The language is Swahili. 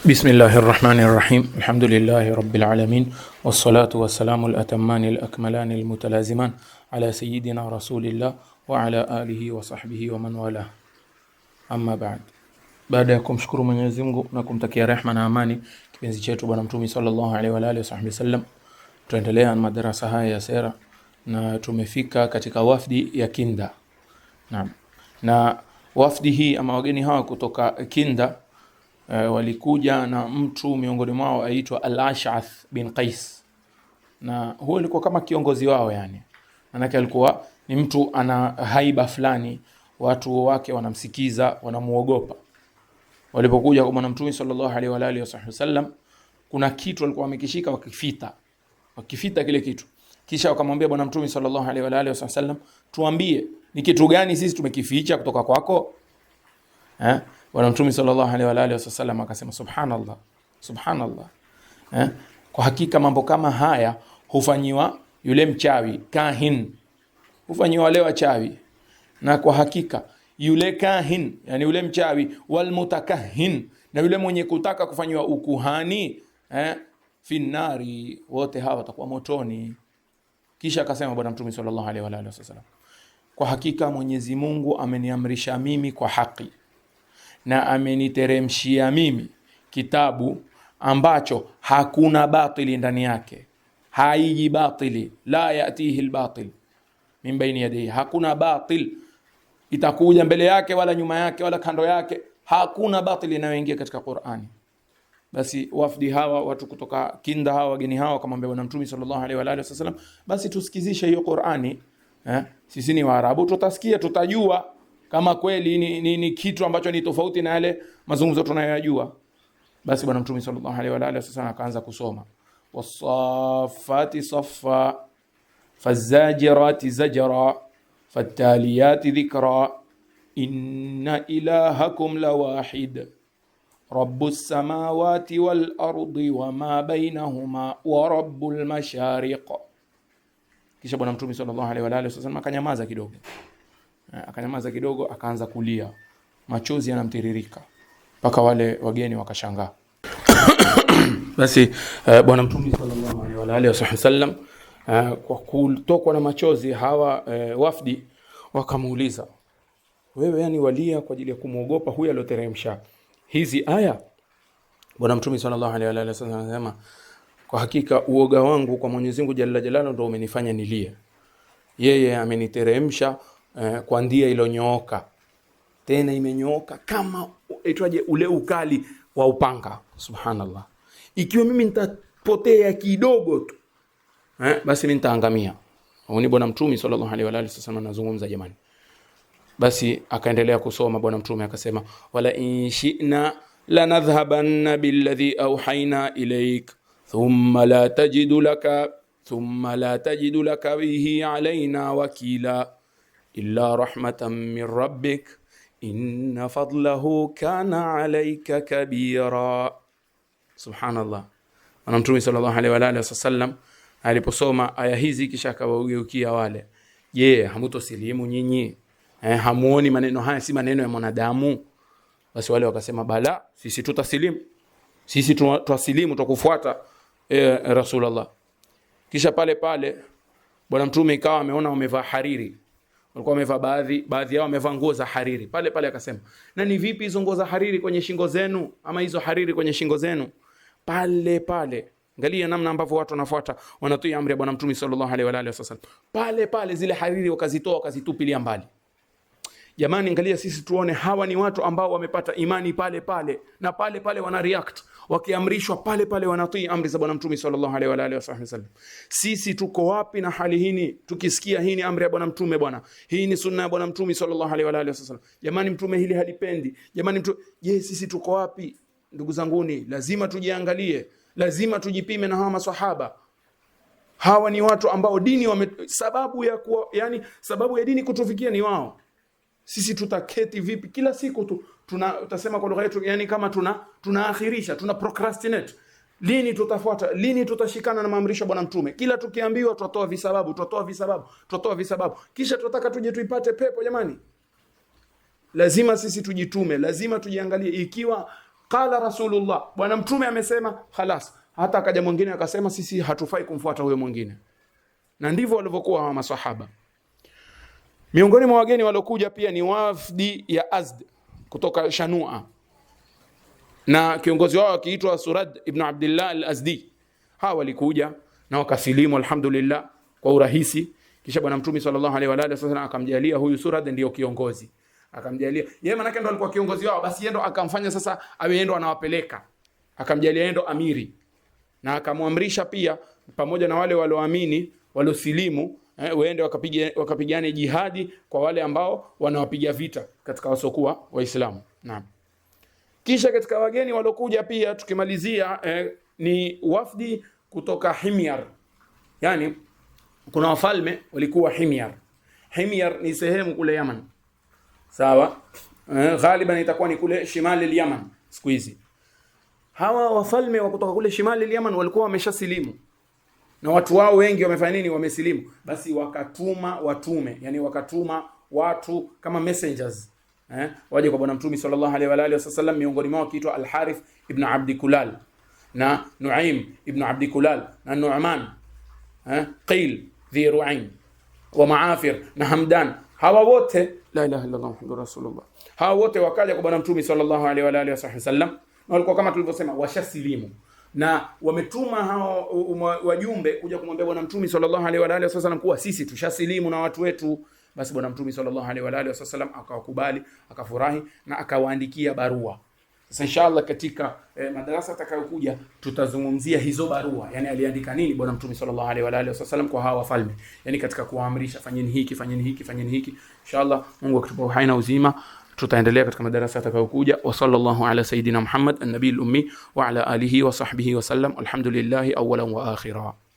Bismillahi rrahmani rrahim alhamdulillahi rabbil alamin wassalatu wassalamu alatamani alakmalani almutalaziman ala sayidina rasulillah wa ala alihi wa sahbihi wa man wala amma ba'd. Baada ya kumshukuru Mwenyezi Mungu na kumtakia rehma na amani kipenzi chetu Bwana Mtume sallallahu alaihi wa alihi wasahbihi sallam, tunaendelea na madarasa haya ya sera na tumefika katika wafdi ya Kinda. Naam, na wafdi hii ama wageni hawa kutoka Kinda Eh, walikuja na mtu miongoni mwao aitwa Al-Ash'ath bin Qais, na huyo alikuwa kama kiongozi wao yani, manake alikuwa ni mtu ana haiba fulani, watu wake wanamsikiza, wanamuogopa. Walipokuja kwa Mtume sallallahu alaihi wa alihi wasallam, kuna kitu alikuwa amekishika, wakifita, wakifita kile kitu, kisha wakamwambia Bwana Mtume sallallahu alaihi wa alihi wasallam, tuambie ni kitu gani sisi tumekificha kutoka kwako eh? Bwana Mtume sallallahu alaihi wa alihi wasallam akasema, subhanallah subhanallah, eh? Kwa hakika mambo kama haya hufanyiwa yule mchawi kahin, hufanyiwa wale wachawi, na kwa hakika yule kahin, yani yule mchawi, walmutakahin, na yule mwenye kutaka kufanyiwa ukuhani eh? Finnari, wote hawa watakuwa motoni. Kisha akasema Bwana Mtume sallallahu alaihi wa alihi wasallam, kwa hakika Mwenyezi Mungu ameniamrisha mimi kwa haki na ameniteremshia mimi kitabu ambacho hakuna batili ndani yake, haiji batili, la yatihi lbatil min baini yadihi, hakuna batil itakuja mbele yake wala nyuma yake wala kando yake, hakuna batili inayoingia katika Qur'ani. Basi wafdi hawa watu kutoka Kinda hawa wageni hawa wakamwambia Bwana Mtume sallallahu alaihi wa alihi wasallam, basi tusikizishe hiyo Qur'ani eh? Sisi ni Waarabu tutasikia, tutajua kama kweli ni, ni, ni kitu ambacho ni tofauti na yale mazungumzo tunayoyajua. Basi Bwana Mtume sallallahu alaihi wa alihi wasallam akaanza kusoma wasafati safa fazajirati zajra fataliyati dhikra inna ilahakum lawahid rabu samawati wal ardi wama bainahuma wa rabbul mashariq. Kisha Bwana Mtume sallallahu alaihi wa alihi wasallam akanyamaza kidogo. Eh, akanyamaza kidogo, akaanza kulia, machozi yanamtiririka mpaka wale wageni wakashangaa. Basi uh, Bwana Mtume sallallahu alaihi wa alihi wasallam uh, kwa kutokwa na machozi hawa uh, wafdi wakamuuliza, wewe yani walia kwa ajili ya kumwogopa huyu alioteremsha hizi aya? Bwana Mtume sallallahu alaihi wa alihi wasallam anasema, kwa hakika uoga wangu kwa Mwenyezi Mungu jalla jalala ndio umenifanya nilie. Yeye ameniteremsha eh, kwa ndia ilonyooka tena imenyooka kama itwaje, ule ukali wa upanga. Subhanallah, ikiwa mimi nitapotea kidogo tu eh, basi mimi nitaangamia. Ni Bwana Mtume sallallahu alaihi wa alihi wasallam anazungumza jamani. Basi akaendelea kusoma Bwana Mtume akasema, wala in shi'na lanadhhabanna billadhi awhayna ilaik thumma la tajidu laka thumma la tajidu laka bihi alaina wakila illa rahmatan min rabbik inna fadlahu kana alayka kabira. Subhanallah. Ana Mtume sallallahu alaihi wa alihi wasallam aliposoma aya hizi kisha akawageukia wale, je, yeah, hamutosilimu nyinyi? Eh, hamuoni maneno haya si maneno ya mwanadamu? Basi wale wakasema, bala sisi tutasilimu, sisi twasilimu, twakufuata eh, Rasulullah. Kisha pale pale Bwana Mtume ikawa ameona wamevaa hariri walikuwa wamevaa baadhi baadhi yao wamevaa nguo za hariri. Pale pale akasema, na ni vipi hizo nguo za hariri kwenye shingo zenu, ama hizo hariri kwenye shingo zenu? Pale pale angalia namna ambavyo watu wanafuata, wanatii amri ya Bwana Mtume sallallahu alaihi wa alihi wasallam. Pale pale zile hariri wakazitoa, wakazitupilia mbali. Jamani, angalia sisi tuone, hawa ni watu ambao wamepata imani pale pale na pale pale wana react wakiamrishwa pale pale wanatii amri za Bwana Mtume sallallahu alaihi wa alihi wasallam. Sisi tuko wapi na hali hii? Tukisikia hii ni amri ya Bwana Mtume, bwana, hii ni sunna ya Bwana Mtume sallallahu alaihi wa alihi wasallam, jamani, Mtume hili halipendi, jamani Mtume. Je, sisi tuko wapi? Ndugu zanguni, lazima tujiangalie, lazima tujipime na hawa maswahaba. Hawa ni watu ambao dini wame, sababu ya kuwa, yani sababu ya dini kutufikia ni wao sisi tutaketi vipi? Kila siku tu tuna tutasema kwa lugha yetu, yani kama tuna tunaakhirisha, tuna procrastinate. Lini tutafuata? Lini tutashikana na maamrisho Bwana Mtume? Kila tukiambiwa tutatoa visababu, tutatoa visababu, tutatoa visababu, kisha tunataka tuje tuipate pepo. Jamani, lazima sisi tujitume, lazima tujiangalie. Ikiwa qala Rasulullah, Bwana Mtume amesema, halas. Hata akaja mwingine akasema sisi hatufai kumfuata huyo mwingine, na ndivyo walivyokuwa maswahaba. Miongoni mwa wageni waliokuja pia ni wafdi ya Azd kutoka Shanua na kiongozi wao akiitwa Surad ibn Abdullah al-Azdi. Hawa walikuja na wakasilimu alhamdulillah kwa urahisi. Kisha Bwana Mtume sallallahu alaihi wa alihi wasallam akamjalia huyu Surad ndio kiongozi, akamjalia yeye, maana yake ndo alikuwa kiongozi wao. Basi yeye ndo akamfanya sasa awe yeye ndo anawapeleka, akamjalia yeye ndo amiri, na akamwamrisha pia pamoja na wale walioamini walosilimu eh, waende wakapige, wakapigane jihadi kwa wale ambao wanawapiga vita katika wasokuwa Waislamu. Naam. Kisha katika wageni waliokuja pia tukimalizia, eh, ni wafdi kutoka Himyar. yani kuna wafalme walikuwa Himyar. Himyar ni sehemu kule Yaman. Sawa? Eh, ghaliban itakuwa ni kule Shimali ya yaman siku hizi. Hawa wafalme wa kutoka kule Shimali ya yaman walikuwa wameshasilimu na watu wao wengi wamefanya nini? Wamesilimu. Basi wakatuma watume, yani wakatuma watu kama messengers eh, waje kwa Bwana Mtume sallallahu alaihi wa alihi wasallam, miongoni mwao akiitwa alharith ibn Abd Kulal na Nuaim ibn Abd Kulal na Nu'man eh, Qil dhi Ru'ain wa Maafir na Hamdan, hawa wote la ilaha illa Allah Muhammadur Rasulullah, hawa wote wakaja kwa Bwana Mtume sallallahu alaihi wa alihi wasallam, na walikuwa kama tulivyosema washasilimu na wametuma hao wajumbe kuja kumwambia Bwana Mtume sallallahu alaihi wa alihi wasallam kuwa sisi tushasilimu na watu wetu. Basi Bwana Mtume sallallahu alaihi wa alihi wasallam akawakubali, akafurahi na akawaandikia barua. Sasa inshallah katika eh, madarasa atakayokuja tutazungumzia hizo barua, yani aliandika nini Bwana Mtume sallallahu alaihi wa alihi wasallam kwa hawa wafalme, yani katika kuwaamrisha fanyeni hiki, fanyeni hiki, fanyeni hiki. Inshallah Mungu akitupa uhai na uzima tutaendelea katika madarasa yatakayokuja. Wa sallallahu ala sayidina Muhammad an-nabiy ummi wa ala alihi wa sahbihi wa sallam, alhamdulillahi awwalan wa akhira.